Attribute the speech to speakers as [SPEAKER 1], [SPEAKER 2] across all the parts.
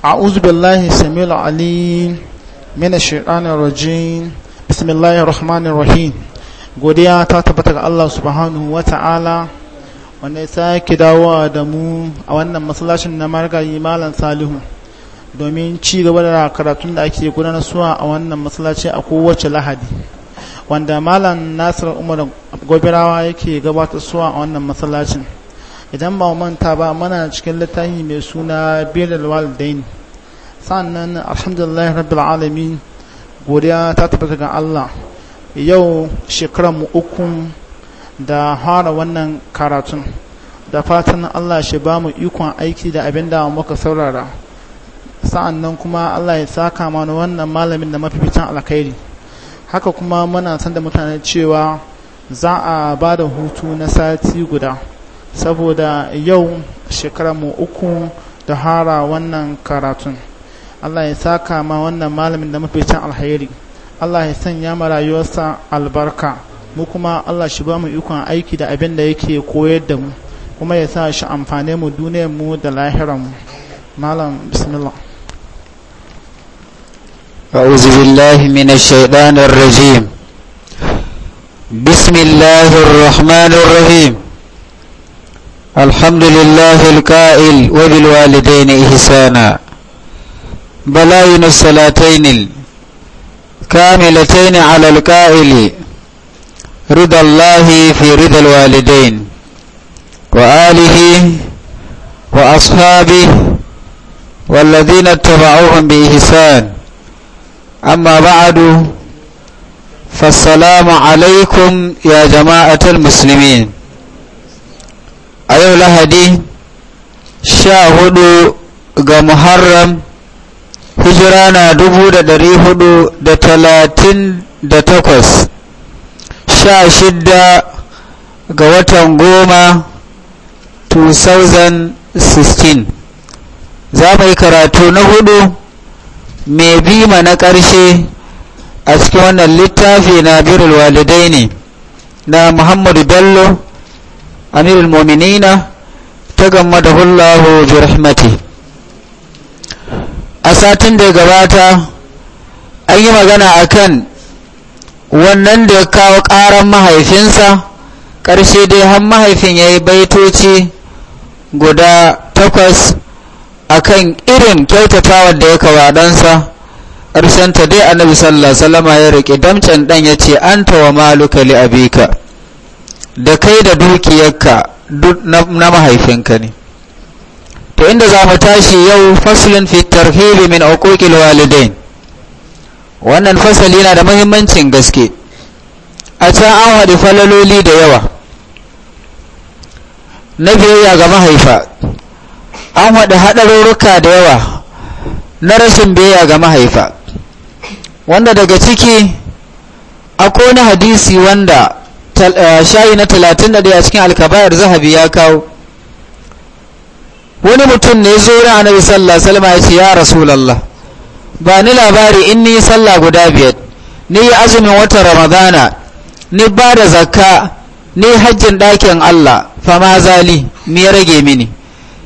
[SPEAKER 1] أعوذ بالله السميع العليم من الشيطان الرجيم بسم الله الرحمن الرحيم godiya ta tabbata ga Allah subhanahu wa ta'ala wanda ya sake dawowa da mu a wannan masallacin na margayi malam salihu domin ci gaba da karatun da ake gudanar suwa a wannan masallaci a kowace lahadi wanda malam nasir umar gobirawa yake gabatar suwa a wannan masallacin idan ba manta ba mana cikin littafi mai suna bilal waldain sannan alhamdulillah rabbil alamin godiya ta tabbata ga Allah yau shekarar mu uku da fara wannan karatun da fatan Allah shi ba mu ikon aiki da abin da muka saurara sa'annan kuma Allah ya saka mana wannan malamin da mafificin alkhairi haka kuma muna san da mutane cewa za a ba da hutu na sati guda saboda yau mu uku da hara wannan karatun Allah ya saka ma wannan malamin da mafitan alheri Allah ya sanya ma rayuwarsa albarka mu kuma Allah shi ba mu ikon aiki da abin da yake koyar da mu kuma ya sa shi amfane mu duniyar mu da lahiran mu malam bismillah
[SPEAKER 2] أعوذ بالله من الشيطان الرجيم بسم الله الرحمن الرحيم الحمد لله الكائل وبالوالدين إحسانا بلاين الصلاتين الكاملتين على الكائل رضا الله في رضا الوالدين وآله وأصحابه والذين اتبعوهم بإحسان أما بعد فالسلام عليكم يا جماعة المسلمين a yau lahadi sha hudu ga muharram hijira na dubu da dari hudu da talatin da takwas sha shidda ga watan goma 2016 za mu karatu na hudu mai bima na ƙarshe a cikin wannan littafi na birul walidai ne na muhammadu bello عن المؤمنين تغمده الله برحمته أساتن دي قباتا أي مغانا أكن wannan da ya kawo ƙaran mahaifinsa ƙarshe dai har mahaifin ya yi baitoci guda takwas a kan irin kyautatawar da ya kawa ɗansa ƙarshenta dai annabi sallallahu alaihi ya riƙe damcen ɗan ya ce an tawa maluka li abika da kai da dukiyarka duk na mahaifinka ne to inda za mu tashi yau faslin fitar tarhibi min uquqil walidain wannan fasali yana da muhimmancin gaske a can an haɗi falaloli da yawa na biyayya ga mahaifa an haɗi haɗarurruka da yawa na rashin biyayya ga mahaifa wanda daga ciki akwai wani hadisi wanda Eh, shayi na da a cikin alkabayar zahabi ya kawo wani mutum ne zo na annabi sallallahu alaihi wasallam ya ce ya rasulullah ba ni labari in ni sallah guda biyar ni azumin watan ramadana ni ba da zakka ni hajjin ɗakin Allah fama zali me ya rage mini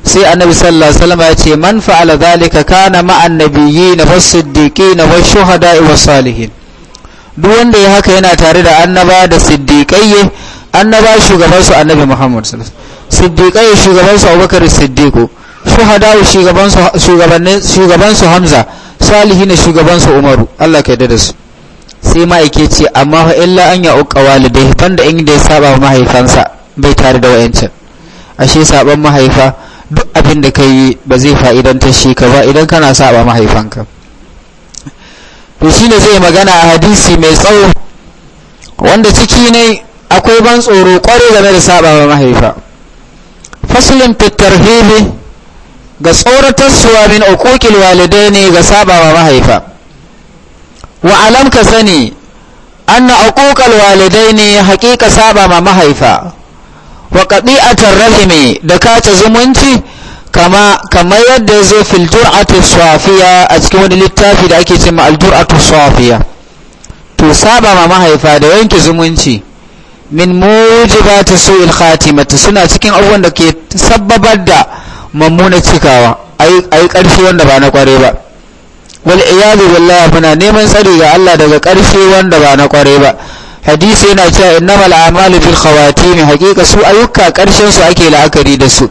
[SPEAKER 2] sai annabi sallallahu alaihi wasallam ya ce man fa'ala zalika kana ma'an nabiyyi na fasiddiqi na wa shuhada'i wa salihin duk wanda ya haka yana tare da annaba da siddiqai annaba shugaban su annabi Muhammad sallallahu shugaban su Abubakar siddiƙo su shugabannin shugaban su Hamza salihin shugaban su Umaru Allah ka yadda da su sai ma'aike ce amma fa illa an ya uka walidai banda in da ya saba mahaifansa bai tare da wayancin ashe saban mahaifa duk abin da yi ba zai fa'idantar shi ka ba idan kana saba mahaifanka to ne zai magana a hadisi mai tsawo wanda ciki ne akwai ban tsoro kware game da sabawa mahaifa faslin fitarhibi ga tsoratar suwa min walidai ne ga sabawa mahaifa wa sani ka sani anna walidai ne hakika saba ma mahaifa wa atar rahimi da kace zumunci kama kamar yadda ya zo fil jur'atu a cikin wani littafi da ake cima al jur'atu safiya to saba ma mahaifa da yanke zumunci min ta so khatimati suna cikin abubuwan da ke sababar da mammuna cikawa yi karshe wanda ba na kware ba wal iyadu billahi muna neman tsari ga Allah daga karshe wanda ba na kware ba hadisi yana cewa innamal a'malu bil khawatim haqiqa su ayyuka karshen su ake la'akari da su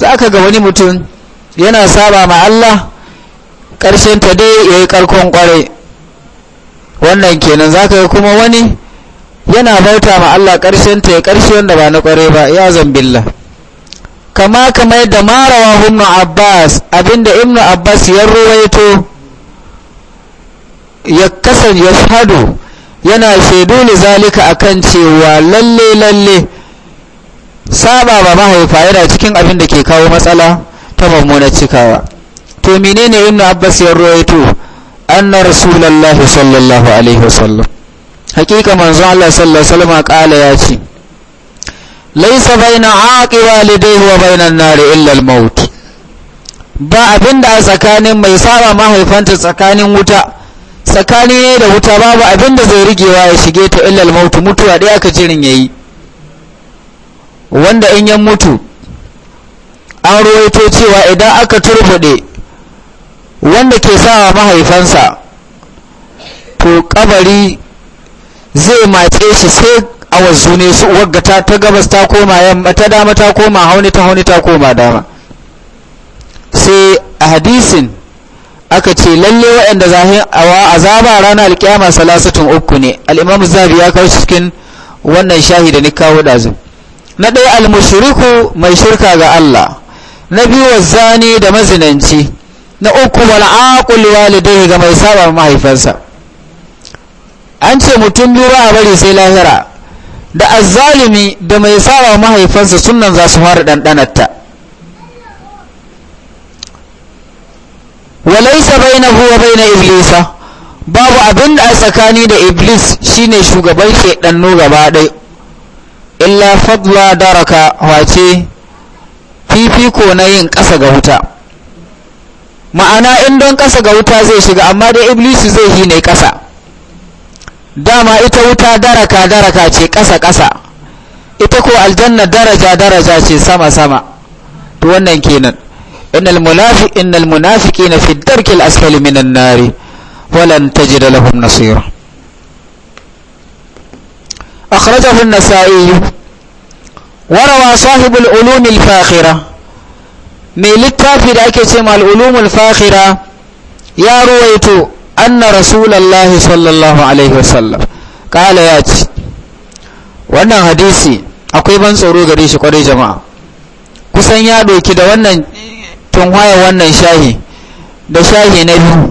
[SPEAKER 2] za ka ga wani mutum yana saba ma Allah ƙarshen ta dai ya yi ƙarkon ƙware wannan kenan za ka ga kuma wani yana bauta ma Allah ƙarshen ta ya ƙarshe wanda ba na ƙware ba ya zambilla kama kama yadda marawa ibnu abbas abinda ibnu abbas ya ruwaito ya kasan ya shahadu yana shaidu ne zalika akan cewa lalle lalle saba ba mahaifa yana cikin abin da ke kawo matsala ta mummunar cikawa to menene ibnu abbas ya ruwaito anna rasulullahi sallallahu alaihi wasallam hakika manzo Allah sallallahu alaihi wasallam kala ya ce laisa baina aqi walidayhi wa baina an-nari illa al-maut ba abinda a tsakanin mai saba mahaifanta tsakanin wuta tsakani ne da wuta babu abinda zai rigewa ya shige ta illa al-maut mutuwa dai aka jirin yayi wanda in ya mutu an ruwaito cewa idan aka turbuɗe wanda ke sawa mahaifansa to kabari zai matse shi sai a wasu ne su waggata ta gabas ta koma yamma ta dama ta koma hauni ta hauni ta koma dama sai a hadisin aka ce lalle waɗanda zahin awa azaba ranar alƙiyama salasatun uku ne al'imamu zabi ya kawo cikin wannan shahi da ni kawo ɗazu na ɗaya almushiriku mai shirka ga Allah na biyu zani da mazinanci na uku wal aqul ga mai saba mahaifansa an ce mutum biyu ba a bari sai lahira da azzalimi da mai saba mahaifansa sunan za su fara ɗanɗanarta walaisa huwa bai na iblisa babu abin da a tsakani da iblis shine shugaban ɗanno gaba ɗaya illa fadla daraka wace fifiko na yin ƙasa ga wuta ma'ana in don ƙasa ga wuta zai shiga amma dai iblisu zai yi ne ƙasa dama ita wuta daraka daraka ce ƙasa ƙasa ita ko aljanna daraja daraja ce sama sama to wannan kenan innal munafiqina innal munafiqina fi darkil asfali minan nari walan tajida lahum nasira أخرجه النسائي وروى صاحب العلوم الفاخرة mai littafi da ake ce al'ulumul fakhira ya ruwaito anna rasulallah sallallahu alaihi wasallam kala ya ci. wannan hadisi akwai ban tsoro gari shi kwarai jama'a kusan ya doki da wannan tunhaya wannan shahi da shahi na biyu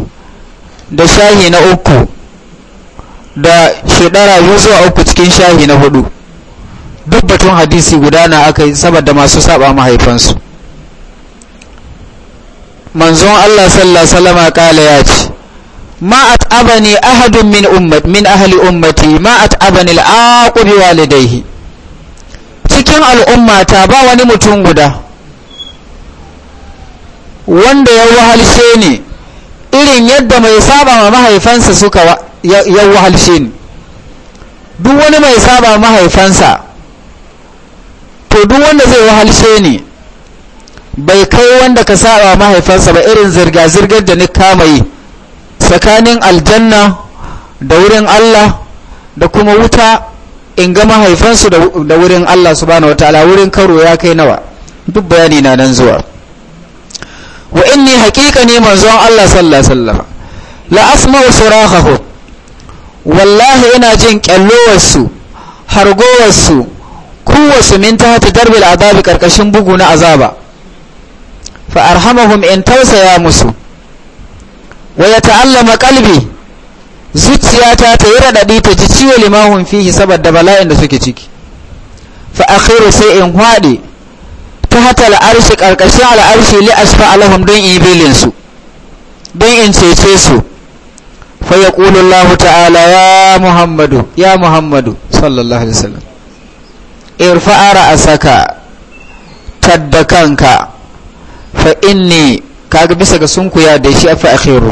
[SPEAKER 2] da shahi na uku da shekara biyu zuwa uku cikin shahi na hudu duk batun hadisi guda na aka yi saboda masu saba mahaifansu manzon Allah sallallahu alaihi wasallam kala ya ce ma at'abani ahadun min ummat min ahli ummati ma at'abani al'aqu bi walidayhi cikin al'ummata ba wani mutum guda wanda ya wahalshe ne irin yadda mai saba ma mahaifansa suka ya wahalshe ni duk wani mai saba mahaifansa to duk wanda zai wahalshe ni bai kai wanda ka saba mahaifansa ba irin zirga-zirgar da ni kama yi tsakanin aljanna da wurin Allah da kuma wuta in ga mahaifansu da wurin Allah subhanahu wataala wurin karo ya kai nawa duk bayani na nan zuwa wa inni hakika ne manzon Allah sallallahu alaihi wasallam la asma'u wallahi ina jin kyallowarsu hargowarsu kowarsu min ta hata darbil azabi karkashin bugu na azaba fa arhamahum in tausaya musu wa ya ta'allama kalbi zuciyata ta yi raɗaɗi ta ji ciwo limahun fihi saboda bala'in da suke ciki fa akhiru sai in hwaɗe ta hata al'arshi karkashin al'arshi li asfa alahum don in yi don in cece su فيقول الله تعالى يا محمد يا محمد صلى الله عليه وسلم ارفع رأسك تدكنك فإني kaga bisa ga sunkuya da shi a akhiru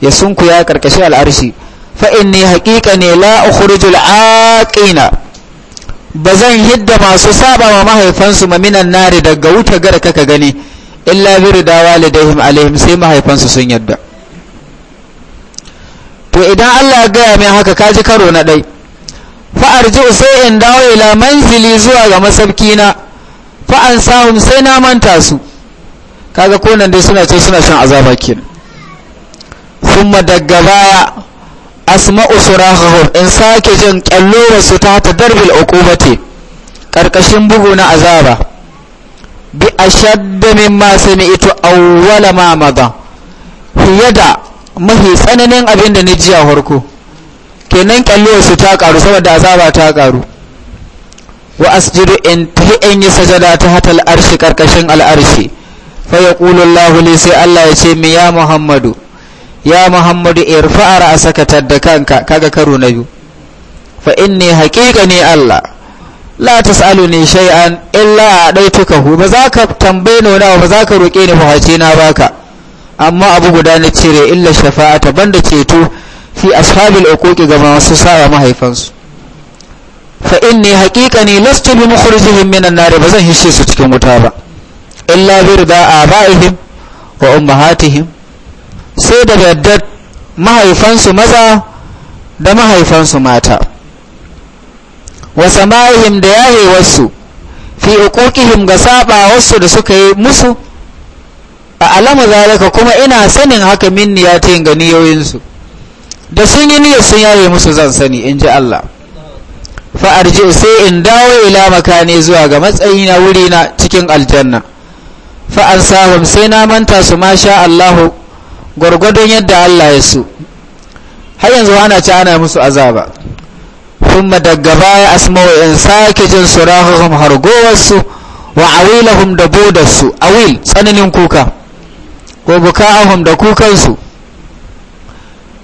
[SPEAKER 2] ya sunkuya karkashi al'arshi fa inni haqiqa ne la ukhrijul ba zan hidda masu saba ma mahaifansu ma minan nari daga wuta gara kaka gani illa bi ridawa ladaihim alaihim sai mahaifansu sun yadda to idan Allah ya gaya min haka kaji karo na ɗai fa'arji sai in dawo ila manzili zuwa ga masabkina fa'an sahun sai na manta su kaga konan dai suna ce suna shan azaba kin thumma daga baya asma'u surahahum in sake jin kyallowar wasu ta ta darbil uqubati karkashin bugu na azaba bi min masu mimma sami'tu awwala ma maza fiye da mahi tsananin abin da ni ji a farko kenan su ta karu saboda azaba ta karu wa asjudu in tahi in yi sajada ta hatal arshi karkashin al'arshi fa yaqulu Allahu li sai Allah ya ce mi ya Muhammadu ya Muhammadu irfa'a ra'saka tadda kanka kaga karo na biyu fa inni ne Allah la tas'aluni shay'an illa adaituka ba za ka tambaye ni ba za ka roke ni fa na baka amma abu guda na cire illa ta banda ceto fi ashabil uquqi ga masu sawa mahaifansu fa inni haqiqani lastu bi mukhrijihim minan nar ba zan hishe su cikin wuta ba illa bi ba abaihim wa ummahatihim sai da yadda mahaifansu maza da mahaifansu mata wa sama'ihim da wasu fi uquqihim ga saba wasu da suka yi musu a alama zalika kuma ina sanin haka min yin gani yoyinsu da sun yi niyyar sun yaye musu zan sani in ji Allah fa arji sai in dawo ila makani zuwa ga matsayi na wuri na cikin aljanna fa an sai na manta su ma sha Allahu gwargwadon yadda Allah ya su. har yanzu ana ci ana musu azaba kuma daga baya asma'u in sake jin surahuhum hargowarsu wa awilahum da bodarsu awil tsananin kuka wa buka'ahum da kukansu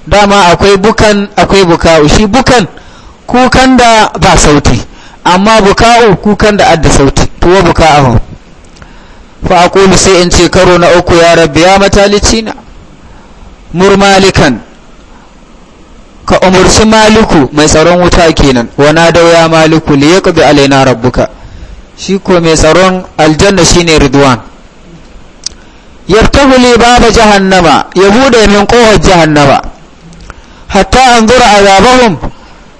[SPEAKER 2] dama akwai bukan akwai buka'u shi bukan kukan da ba sauti amma buka'u kukan da adda sauti to wa buka'ahum fa aqulu sai in ce karo na uku ya rabbi ya matalicina murmalikan ka umurci maliku mai tsaron wuta kenan wana da ya maliku li alaina rabbuka shi ko mai tsaron aljanna shine ridwan yaftahu li baba jahannama ya bude min kofar jahannama hatta an zura azabahum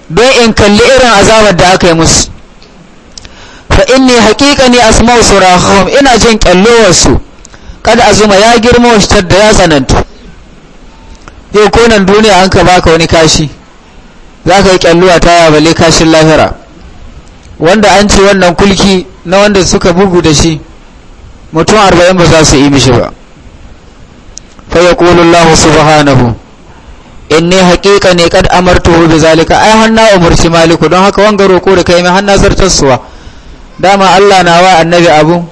[SPEAKER 2] don in kalli irin azabar da aka yi musu fa inni haƙiƙa ne asma'u surahum ina jin kyallowarsu kada azuma ya girma shi da ya tsananta yau ko nan duniya an ka baka wani kashi za ka yi kyalluwa ta ya bale kashin lahira wanda an ce wannan kulki na wanda suka bugu da shi mutum arba'in ba za su yi mishi ba fa ya Allah subhanahu in ne haƙiƙa ne kad amartuhu bi zalika ai hanna umurci maliku don haka wanga roko da kai mai hanna zartarsuwa dama Allah na wa annabi abu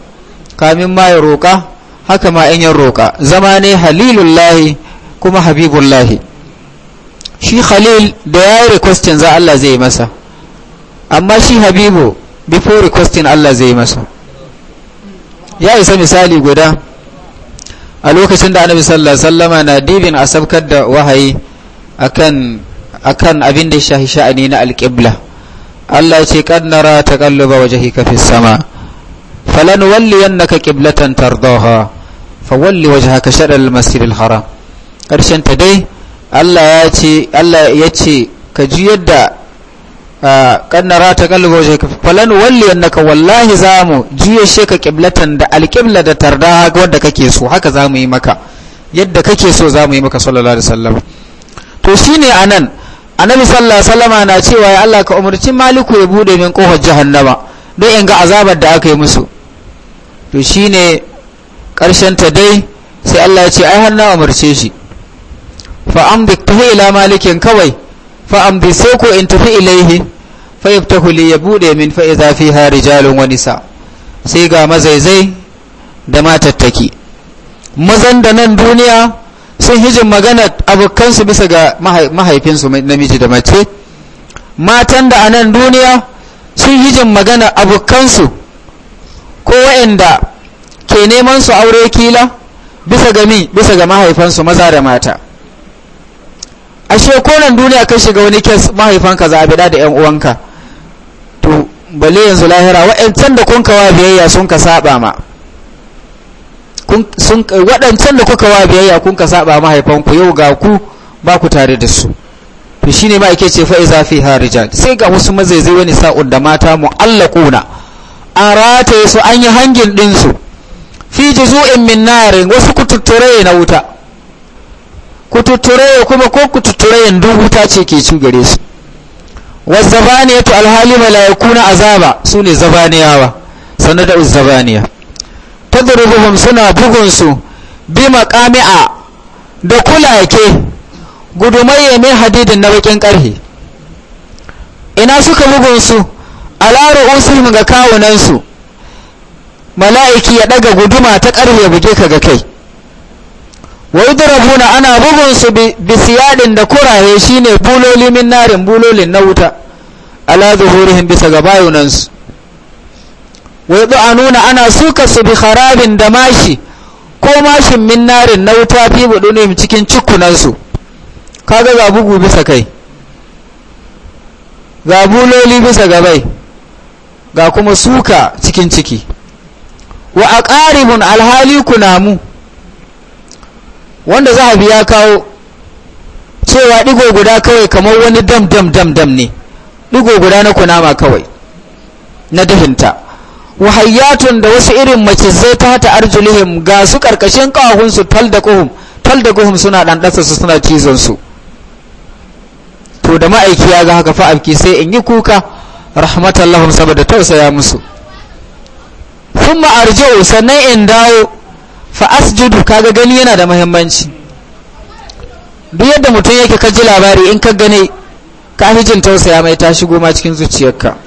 [SPEAKER 2] kamin ma ya roka haka ma in ya roka zama ne halilullahi kuma habibullahi shi khalil da ya yi requestin za Allah zai masa amma shi habibu before requesting Allah zai masa ya isa misali guda a lokacin da annabi sallallahu alaihi wasallama na dibin asabkar da wahayi akan akan abin da shahi sha'ani na alqibla Allah ya ce kad nara taqalluba wajhika fis sama falanuwalliyannaka qiblatan tardaha walli wajhaka shatr al-masjidil haram karshen ta dai Allah ya ce Allah ya ce ka ji yadda Ah, kan nara ta kalbo falan walli annaka wallahi zamu juye she ka qiblatan da alqibla da tarda wanda kake so haka zamu yi maka yadda kake so zamu yi maka sallallahu alaihi wasallam to shine anan annabi sallallahu alaihi wasallama na cewa ya Allah ka umarci maliku ya bude min kofar jahannama don in ga azabar da aka yi musu to shine karshen ta dai sai Allah ya ce ai har na umarce shi fa amdik tahi ila malikin kawai fa amdi sai ko in tafi ilaihi fa ta li ya bude min fa fi hari rijalun wani sa sai ga mazaizai da matattaki mazan da nan duniya sun hijin magana abokansu bisa ga mahaifinsu namiji da mace matan da a nan duniya sun hijin magana abokansu ko waɗanda ke neman su aure kila bisa ga mi bisa ga mahaifansu maza da mata ashe nan duniya ka shiga wani kes mahaifanka za a bida da 'yan uwanka balle yanzu lahira waɗancan da kun kawa biyayya sun ka saba ma waɗancan da kuka wa biyayya kun ka saba yau ga ku ba ku tare da su to shine ma ake ce fa’i zafi harijan sai ga wasu mazaizai wani sa'un da mata mu'allaquna an rataye su an yi hangin ɗinsu fi ji juzu'in min narin wasu kututture na wuta kututture kuma ko kututture duk wuta ce ke ci gare su wazzabaniya ta alhali mala'ikuna azaba su ne zabaniyawa sannan da uzzabaniya tadrubuhum suna bugun su bi maqami'a da kulake gudumayya mai hadidin na bakin karhe ina suka bugun su ala ru'usihim ga kawunan su mala'iki ya ɗaga guduma ta karhe buge ka ga kai waudrabuna ana bugun su bi siyadin da kuraye shine buloli min narin bulolin na wuta ala zuhurihim bisa ga bayunan su nuna ana suka su bi kharabin da mashi ko mashin min narin na wuta fi budunim cikin cikunan su kaga ga bugu bisa kai ga buloli bisa gabai ga kuma suka cikin ciki wa aqaribun alhali kunamu wanda zahabi ya kawo cewa digo guda kawai kamar wani dam dam dam dam ne digo guda na kunama kawai na dahinta wahayyatun da wasu irin mace zai ta hata arjulihim ga su karkashin kawahunsu tal da kuhum tal da kuhum suna ɗanɗasa su suna cizon su to da ma'aiki ya ga haka fa'afki sai in yi kuka rahmatallahum saboda tausaya musu thumma arji'u sannan in dawo fa asjudu kaga gani yana da muhimmanci duk yadda mutum yake ka ji labari in ka gane ka hijin tausaya mai ta shigo ma cikin zuciyarka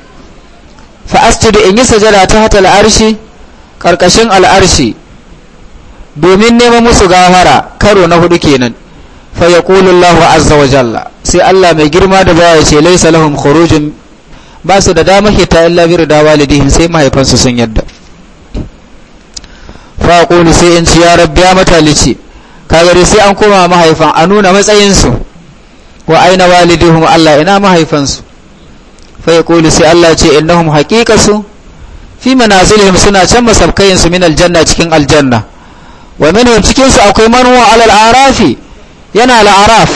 [SPEAKER 2] fa asjudu in yi sajada ta hata al'arshi karkashin al'arshi domin neman musu gafara karo na hudu kenan fa yaqulu Allahu azza wa jalla sai Allah mai girma da baya ce laysa lahum khurujun ba su da dama hita illa bi rida sai mahaifansu sun yadda fa koli sai in ci ya rabbi ya matalici kaga sai an koma mahaifan a nuna matsayin su wa aina walidihum Allah ina mahaifan su fa sai Allah ce innahum haqiqasu fi manazilihim suna can masabkayin su min aljanna cikin aljanna wa minhum cikin su akwai man alal yana al araf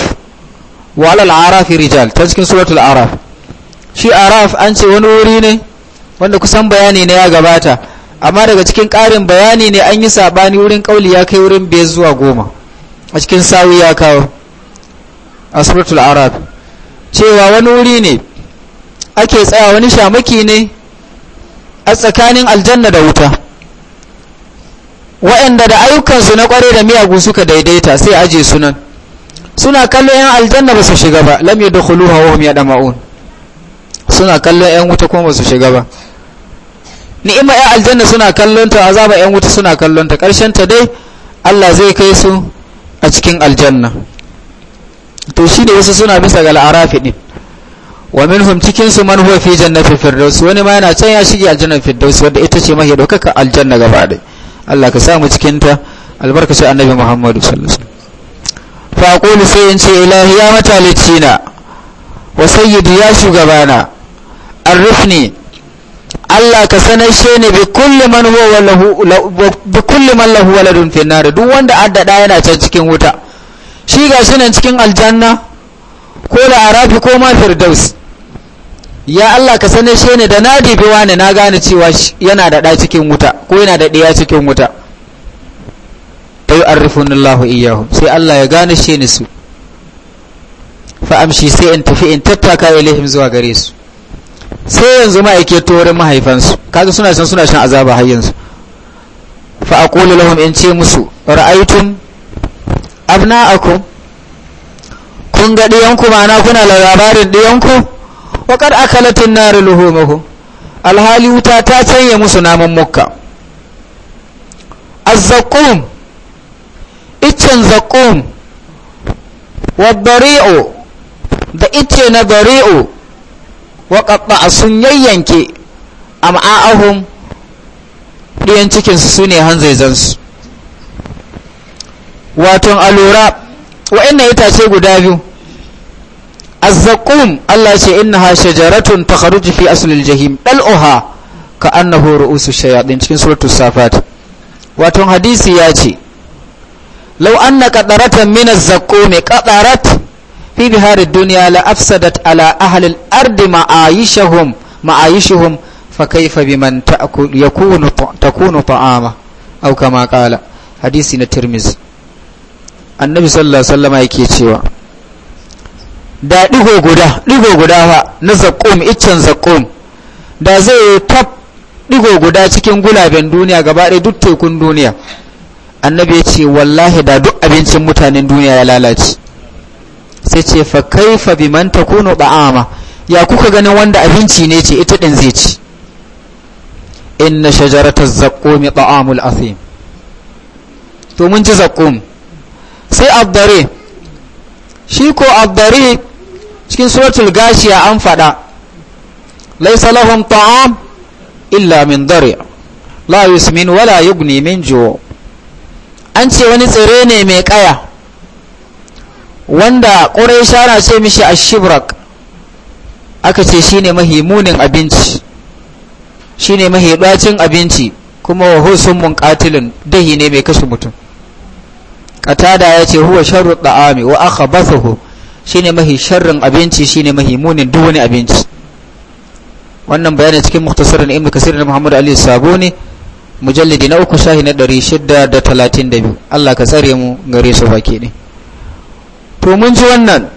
[SPEAKER 2] wa alal rijal ta cikin suratul araf shi araf an ce wani wuri ne wanda kusan bayani ne ya gabata amma daga cikin ƙarin bayani ne an yi saɓani wurin ƙauli ya kai wurin biyar zuwa goma a cikin sawi ya kawo a suratul arab cewa wani wuri ne ake tsaya wani shamaki ne a tsakanin aljanna da wuta waɗanda da ayyukansu na ƙware da miyagu suka daidaita sai aje sunan suna kallon 'yan aljanna ba su shiga ba lam yadkhuluha wa hum yadma'un suna kallon 'yan wuta kuma ba su shiga ba ni'ima ya aljanna suna kallon ta azaba yan wuta suna kallon ta karshen ta dai Allah zai kai su a cikin aljanna to shi da wasu suna bisa ga al'arafi din wa minhum cikin su man huwa fi jannati firdaus wani ma yana can ya shige aljanna firdaus wanda ita ce mahi daukaka aljanna gaba dai Allah ka sa mu cikin ta sai annabi Muhammadu sallallahu alaihi wasallam fa aqulu sai in ce ilahi ya matalicina wa sayyidi ya shugabana arifni Allah ka sanar shi ne bi kulli man lahu waladun fi nar duk wanda da yana can cikin wuta shi ga shi nan cikin aljanna ko da arafi ko ma firdaus ya Allah ka sanar shi ne da na bi wani na gane cewa yana da da cikin wuta ko yana da ɗaya cikin wuta fa yu'arrifunallahu iyyahum sai Allah ya gane shi ne su fa amshi sai in tafi in tattaka ilaihim zuwa gare su sai yanzu ma yake torin mahaifansu kaga suna san suna shan azaba har yanzu fa aqulu lahum in ce musu ra'aytum abna'akum kun ga diyanku ma'ana kuna labarin diyanku wa qad akalatin nar luhumuhum alhali wuta ta canye musu naman mukka azzaqum iccen zaqum wa dari'u da icce na dari'u wa a sun yayyanke am'a'ahum ɗiyan cikinsu su ne hanzaizansu waton alura wa'annan itace guda biyu azzaqum Allah ce ha shajaratun takharuju fi aslil jahim oha ka annahu ru'usu shayaɗin cikin suratul safat waton hadisi ya ce law anna qadaratan min azzaqumi qadarat fi bihar duniya la afsadat ala ahlil ardi ma'ayishahum ma'ayishahum fa kaifa biman yakunu takunu ta'ama aw kama qala hadisi na tirmizi annabi sallallahu alaihi wasallam yake cewa da digo guda digo guda fa na zakum iccen zakum da zai tap digo guda cikin gulaben duniya gaba ɗaya duk tekun duniya annabi ya ce wallahi da duk abincin mutanen duniya ya lalace sai ce fa kaifa biman takunu da'ama ya kuka ganin wanda abinci ne ce ita din zai ci inna shajarata zaqqumi ta'amul athim to mun ji zaqqum sai abdare shi ko abdare cikin suratul gashiya an fada laysa lahum ta'am illa min dari la yusmin wala yughni min ju an ce wani tsire ne mai kaya wanda ƙorai shara ce mishi shibrak aka ce shi mahi mahimunin abinci shi mahi ɗacin abinci kuma wa husun ƙatilin dahi ne mai kashe mutum ya ce huwa sharru ɗa'ami wa aka shi ne mahi sharrin abinci shi ne mahimunin munin duwani abinci wannan bayani cikin mukhtasarin ibn kasir na muhammadu Ali ne mujallidi na uku shahi na 632 Allah ka tsare mu gare su baki ne to mun ji wannan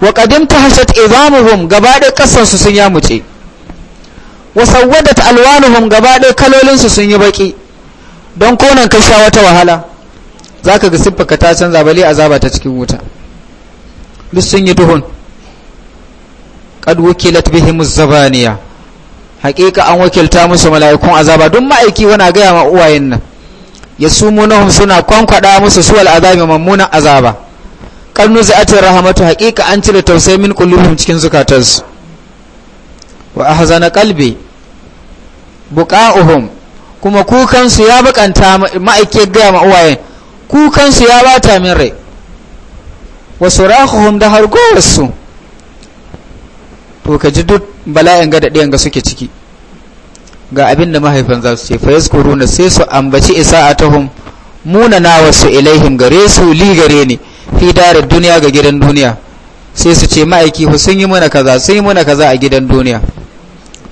[SPEAKER 2] wa qadim tahashat idamuhum gabaɗe kasar su sun ya muce wa sawwadat alwanuhum gabaɗe kalolin su sun yi baki don konan ka sha wata wahala zaka ga siffarka ta canza bale azaba ta cikin wuta duk sun yi duhun qad wukilat bihim azbaniya Hakika an wakilta musu mala'ikun azaba duk ma'aiki wana gaya ma uwayen nan yasumunahum suna kwankwada musu suwal azabi mammunan azaba karnu za'atin rahamatu haƙiƙa an cire tausayi min kullum cikin zukatansu wa hazana qalbi buƙa'uhum kuma kukansu ya bakanta ma'aikiyar gaya ma uwayen kukansu ya ba ta min rai wa surahuhum da hargowarsu to ka ji duk bala'in ga daɗiyan ga suke ciki ga abin da mahaifan za su ce fa yazkuruna sai su ambaci isa'atuhum munana wasu ilaihim gare su li gare ne. fi darar duniya ga gidan duniya sai su ce ma'aiki sun yi mana kaza sun yi mana kaza a gidan duniya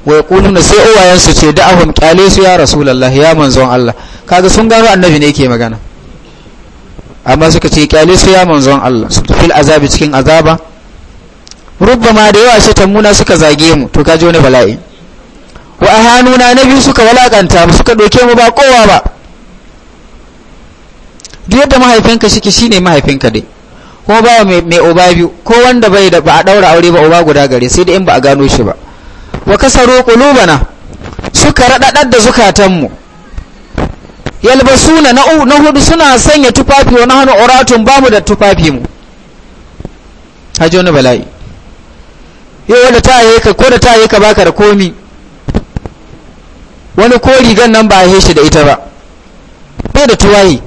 [SPEAKER 2] wai kuluna sai uwayensu ce da'ahum kyale su ya rasulullahi ya manzon Allah kaga sun gano annabi ne yake magana amma suka ce kyale su ya manzon Allah su tafi azabi cikin azaba rubbama da yawa shaitan muna suka zage mu to kaji wani bala'i wa ahanuna na biyu suka walakanta mu suka doke mu ba kowa ba duk yadda mahaifinka shike shine mahaifinka dai ko ba mai uba biyu ko wanda bai da ba a daura aure ba uba guda gare sai da in ba a gano shi ba wa kasaru qulubana suka radadar da zukatanmu yalbasuna na na hudu suna sanya tufafi wa nahnu uratun bamu da tufafi mu haje wani bala'i yau wanda ta yi ka ko da ta yi ka baka da komi wani ko rigan nan ba a shi da ita ba bai da tuwayi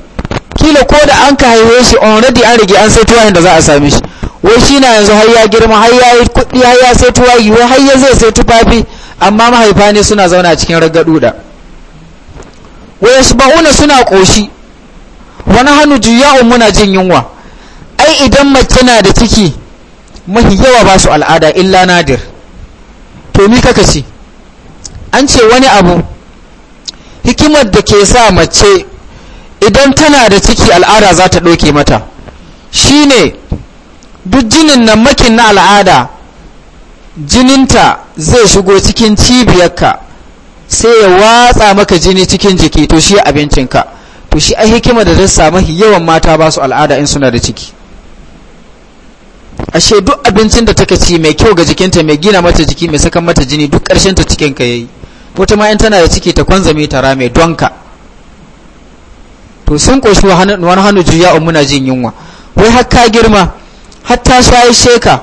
[SPEAKER 2] kila ko da an ka haife shi already an rige an sai tuwayin da za a same shi wai shi na yanzu har ya girma har ya yi kuɗi har ya sai tuwayi wai har ya zai sai tufafi amma mahaifa ne suna zauna a cikin da wai su ba'una suna ƙoshi wani hannu juya'un muna jin yunwa ai idan mace na da ciki mahi yawa ba su al'ada illa nadir to ni kaka ce an ce wani abu hikimar da ke sa mace idan tana da ciki al'ada za ta ɗauke mata shi ne duk jinin nan makin na al'ada jininta zai shigo cikin cibiyarka sai ya watsa maka jini cikin jiki to shi abincinka to shi a hikima da zai samu yawan mata ba su al'ada in suna da ciki ashe duk abincin da take ci mai kyau ga jikinta mai gina mata jiki mai sakan mata jini duk karshen ta cikin ka yayi wata ma in tana da ciki ta kwanzame tara mai donka to sun koshi wani hannu juya muna jin yunwa wai hakka girma hatta yi sheka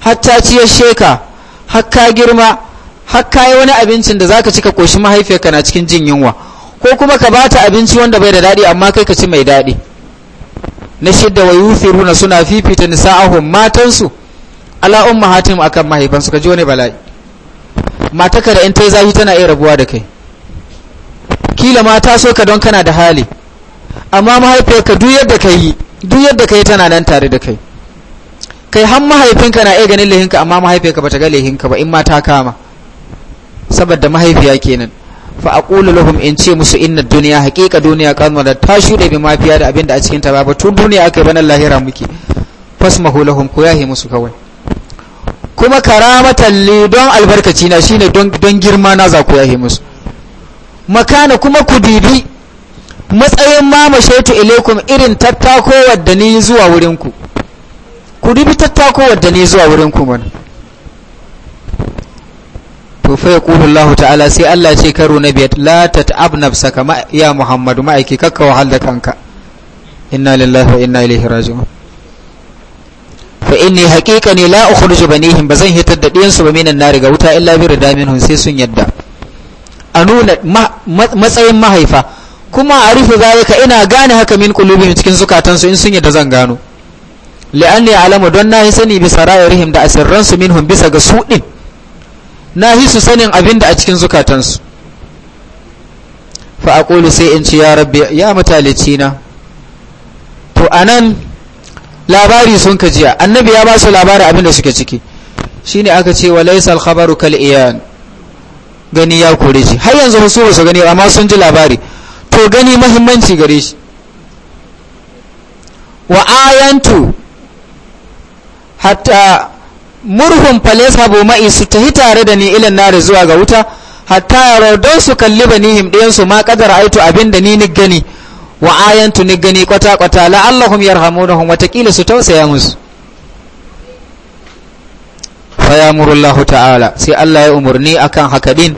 [SPEAKER 2] hatta ciye sheka hakka girma hakka yi wani abincin da zaka cika koshi mahaifiyarka na cikin jin yunwa ko kuma ka bata abinci wanda bai da daɗi amma kai ka ci mai daɗi na shidda wa runa suna fifita nisa'ahum matansu ala ummahatihim akan mahaifansu ka ji wani bala'i mataka da in ta zafi tana iya rabuwa da kai kila mata so ka don kana da hali amma mahaifiyarka duk yadda ka yi duk yadda ka yi tana nan tare da kai kai har mahaifinka na iya ganin lehinka amma mahaifiyarka bata ga lehinka ba in ma ta kama saboda mahaifiya kenan fa aqulu lahum in ce musu inna duniya haqiqa duniya da ta shude bi mafiya da abinda a cikin ta ba tun duniya akai banan lahira muke fasmahu lahum ku yahi musu kawai kuma karamatan li don albarkaci na shine don don girma na za ku yahi musu makana kuma ku dibi matsayin shaitu ilaikum irin tattakowar da ni zuwa wurinku ku dubi tattakowar da ni zuwa wurinku mana to fa yaqulu Allah ta'ala sai Allah ce karo na biyar la tat'ab nafsa ma ya Muhammadu ma'aiki kakka wa da kanka inna lillahi wa inna ilaihi raji'un fa inni haqiqani la ukhruju banihim bazan hitar da diyan su ba minan nari ga wuta illa bi ridamin sai sun yadda a nuna matsayin mahaifa kuma a rufe zalika ina gane haka min kulubi cikin zukatansu in sun yi da zan gano li'anni alamu don na yi sani bi sarayarihim da asirransu hun bisa ga su na yi su sanin abin da a cikin zukatansu fa a ƙoli sai in ci ya rabbi ya mutalici na to a nan labari sun ka jiya annabi ya ba su labari abin da suke ciki shine aka ce wa laysal khabaru gani ya kore shi har yanzu su ba su gani amma sun ji labari to gani mahimmanci gare shi wa ayantu hatta murhun falesabu ma'i su tahi tare da ni ilan nare zuwa ga wuta hatta yaro don su kalli ba nihim ɗayansu ma kadara aitu abin da ni ni gani wa ayantu ni gani kwata-kwata la'allahum yarhamunahum watakila su tausaya musu fa ya ta'ala sai Allah ya umarni akan haka din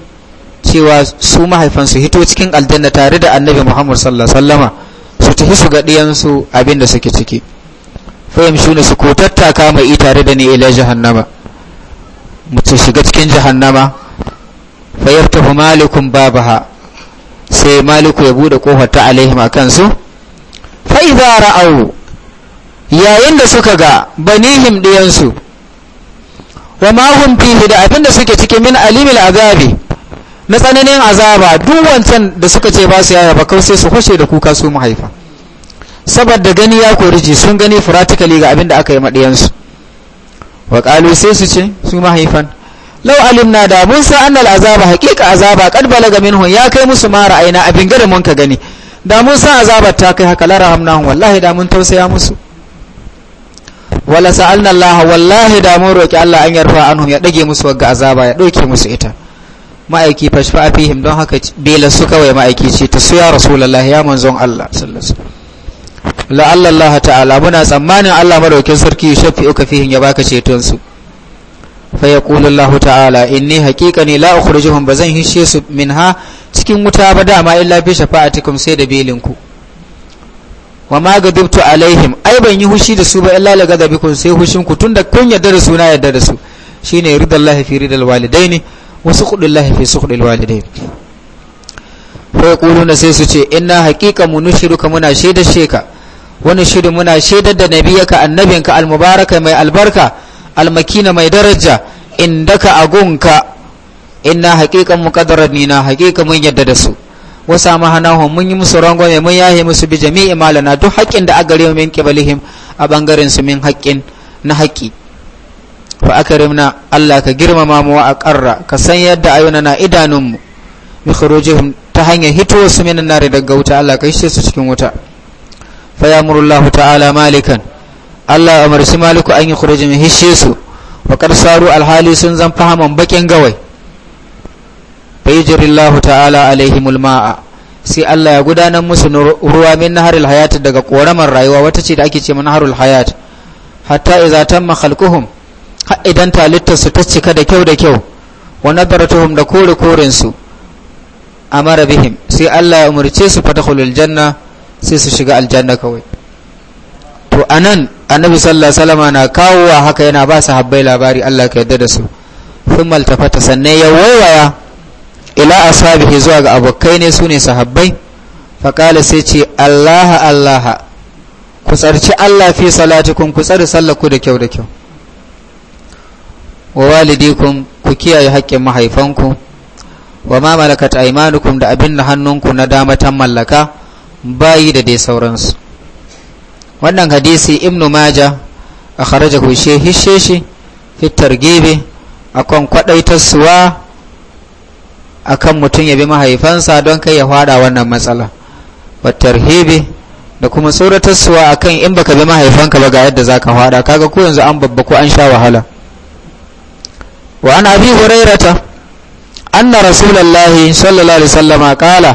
[SPEAKER 2] cewa su mahaifansu hito cikin aljanna tare da annabi muhammad sallallahu sallama su tafi su ga ɗiyansu abin da suke ciki fahim shi ne su ko tattaka mai i tare da ni ila jahannama mutu shiga cikin jahannama fayar tafi malikun Ha. sai maliku ya buɗe ƙofar ta alaihim a kansu fa'iza ra'au yayin da suka ga banihim ɗiyansu wa mahun fihi da abin da suke cikin min alimil azabi na tsananin azaba duk wancan da suka ce ba su yaya ba kawai sai su hushe da kuka su mahaifa saboda gani ya koriji sun gani firatikali ga abin da aka yi maɗiyansu wa ƙalu sai su ce su mahaifan lau alimna da mun san annal azaba haƙiƙa azaba kad balaga minhum ya kai musu ma ra'ayina abin gare mun ka gani da mun san azabar ta kai haka larahamnahum wallahi da mun tausaya musu wala sa'alna Allah wallahi da mun roki Allah an yarfa anhum ya dage musu wagga azaba ya doke musu ita ma'aiki fashfa fihim don haka bela su kawai ma'aiki ce ta su ya ya manzon Allah sallallahu Allah ta'ala muna tsammanin Allah madaukin sarki ya shafi uka fihim ya baka ceton su fa yaqulu Allah ta'ala inni haqiqani la ukhrijuhum bazan hishe su minha cikin wuta ba dama illa bi shafa'atikum sai da belin ku wa ma gadibtu alaihim ai ban yi hushi da su ba illa la gadabikum sai hushin ku tunda kun yadda da su na da su shine ridallahi fi ridal walidaini wasu kudin lahifi su kudin walidai ko ya sai su ce ina hakika mu nushiru muna shaidar sheka wani shirin muna shaidar da nabiyaka annabinka almubaraka mai albarka almakina mai daraja indaka a gunka ina hakika mu kadarar nina hakika mun yadda da su wasa mahanahu mun yi musu rangwame mun yahe musu bi jami'i malana duk haƙƙin da a gare min kibalihim a ɓangaren su min haƙƙin na haƙƙi fa akrimna Allah ka girmama mu wa aqarra ka san yadda ayunana idanunmu bi khurujihim ta hanyar hito su minan nare daga wuta Allah ka hishe su cikin wuta fa ya'muru ta'ala malikan Allah amarci maliku an yi khurujin hishe su wa saru alhali sun zan fahaman bakin gawai fa Allah ta'ala alaihimul ma'a sai Allah ya gudanar musu ruwa min naharul hayat daga koramar rayuwa wata ce da ake ce naharul hayat hatta idza tamma khalquhum har idan talittarsu ta cika da kyau da kyau wa nabaratuhum da kore korensu mara bihim sai Allah ya umarce su fatakhulul janna sai su shiga aljanna kawai to anan annabi sallallahu alaihi wasallam na wa haka yana ba su habbai labari Allah ka yarda da su thumma fata sannan ya waiwaya ila asabihi zuwa ga abokai ne sune sahabbai fa qala sai ce Allah Allah ku tsarci Allah fi salatikum ku tsari sallar ku da kyau da kyau wa walidikum ku kiyaye haƙƙin mahaifanku wa ma malakat aymanukum da abin da hannunku na damatan mallaka bayi da dai sauransu wannan hadisi ibnu maja a kharaja kushe hishe shi fitar gebe akan kwadaitarsuwa akan mutum ya bi mahaifansa don kai ya fada wannan matsala wattar hebe da kuma tsoratarsuwa akan in baka bi mahaifanka ba ga yadda zaka fada kaga ko yanzu an babba ko an sha wahala wa an abi hurairata anna rasulullahi sallallahu alaihi wasallam qala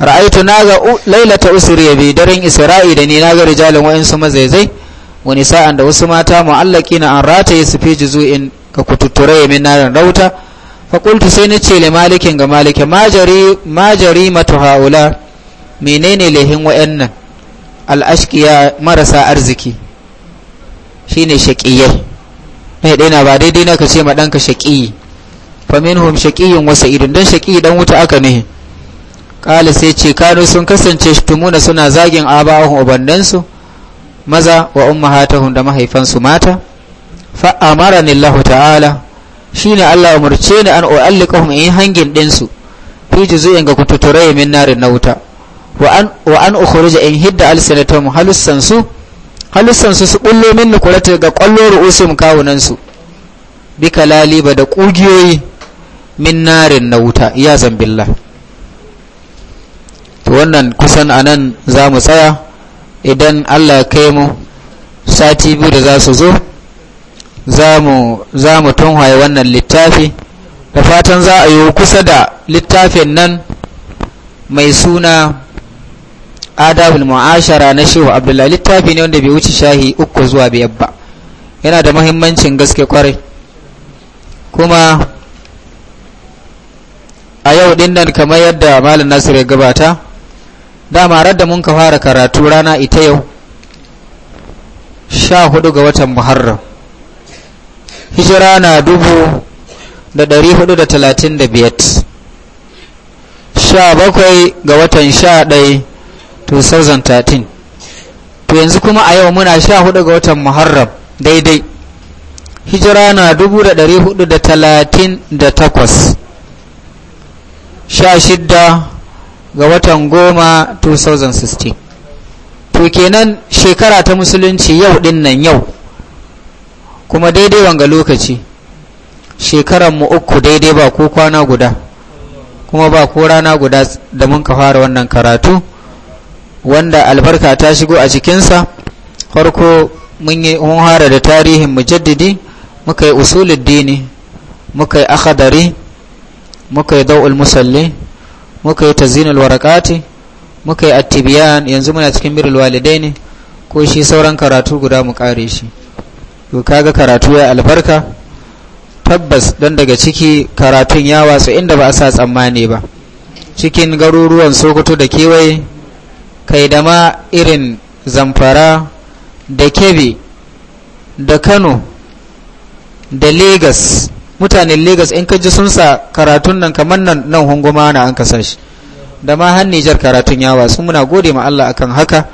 [SPEAKER 2] ra'aytu naga lailata usri bi daren isra'i da ni naga rijalan wa insu mazaizai wa nisa'an da wasu mata mu'allaqina an rataye su fi juzu'in ka kututture min narin rauta fa qultu sai nace le malikin ga maliki majari majari matu haula menene lehin wa'annan al-ashqiya marasa arziki shine shaqiyai mai daina ba daidai na ka ce ma ɗanka shaƙi fa minhum shaqiyyun wa sa'idun dan shaƙi dan wuta aka ne qala sai ce kano sun kasance tumuna suna zagin ubannan su maza wa ummahatahum da mahaifansu mata fa amarani Allah ta'ala shine Allah umurce ni an u'alliqahum in hangin din su fi juzu'in ga kututurai min narin na wuta wa an wa an ukhrija in hidda alsanatahum halussan su halissansu su bullo min nukurata ga kwallo ru'usim kawunansu bi kalaliba da kugiyoyi min narin na wuta iya zambilla to wannan kusan anan za mu tsaya idan allah kai mu sati biyu da za su zo za mu tunhaye wannan littafi da fatan za a yi kusa da littafin nan mai suna adabul mu'ashara na shehu abdullahi littafi ne wanda bai wuce shahi uku zuwa biyar ba yana da mahimmancin gaske kwarai kuma a yau din nan kamar yadda malam nasiru ya gabata dama radda mun ka fara karatu rana ita yau sha hudu ga watan muharram hijira na dubu da dari hudu da talatin da biyar sha bakwai ga watan sha ɗaya 2013 to yanzu kuma a yau muna 14 ga watan muharram daidai hijira na 438 16 ga watan goma 2016 to kenan shekara ta musulunci yau din nan yau kuma daidai wanga lokaci mu uku daidai ba ko kwana guda kuma ba ko rana guda da mun ka fara wannan karatu wanda albarka ta shigo a cikinsa farko mun yi hara da tarihin mujaddidi muka yi usulul dini muka yi akhadari muka yi da'ul musalli muka yi tazinul warakati muka yi attibiyan yanzu muna cikin birul walidai ne ko shi sauran karatu guda mu kare shi to kaga karatu ya albarka tabbas don daga ciki karatun ya watsu inda ba a sa tsammani ba cikin garuruwan sokoto da kewaye kai da ma irin zamfara da kebe da kano da lagos mutanen lagos in ka ji sun sa karatun nan kamar nan nan hunguma na an kasa shi da ma har nijar karatun yawa sun muna gode ma allah akan haka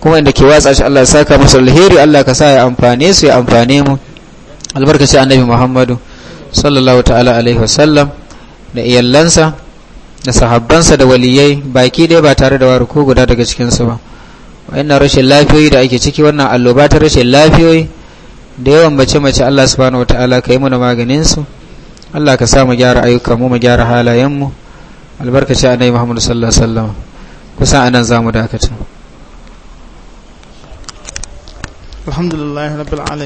[SPEAKER 2] kuma inda ke watsa shi allah ya saka masa alheri allah ka sa ya amfane su ya amfane mu albarkaci annabi muhammadu sallallahu ta'ala alaihi wasallam da iyalansa da sahabbansa da waliyai baki dai ba tare da waruko guda daga cikinsu ba wa'annan rashin lafiyoyi da ake ciki wannan alloba ta rashin lafiyoyi da yawan mace mace Allah subhanahu wataala ka yi mana maganin su Allah ka sa mu gyara ayyukan mu mu gyara halayen mu albarkaci annabi Muhammad sallallahu alaihi wasallam kusan anan zamu dakata
[SPEAKER 1] alhamdulillah rabbil alamin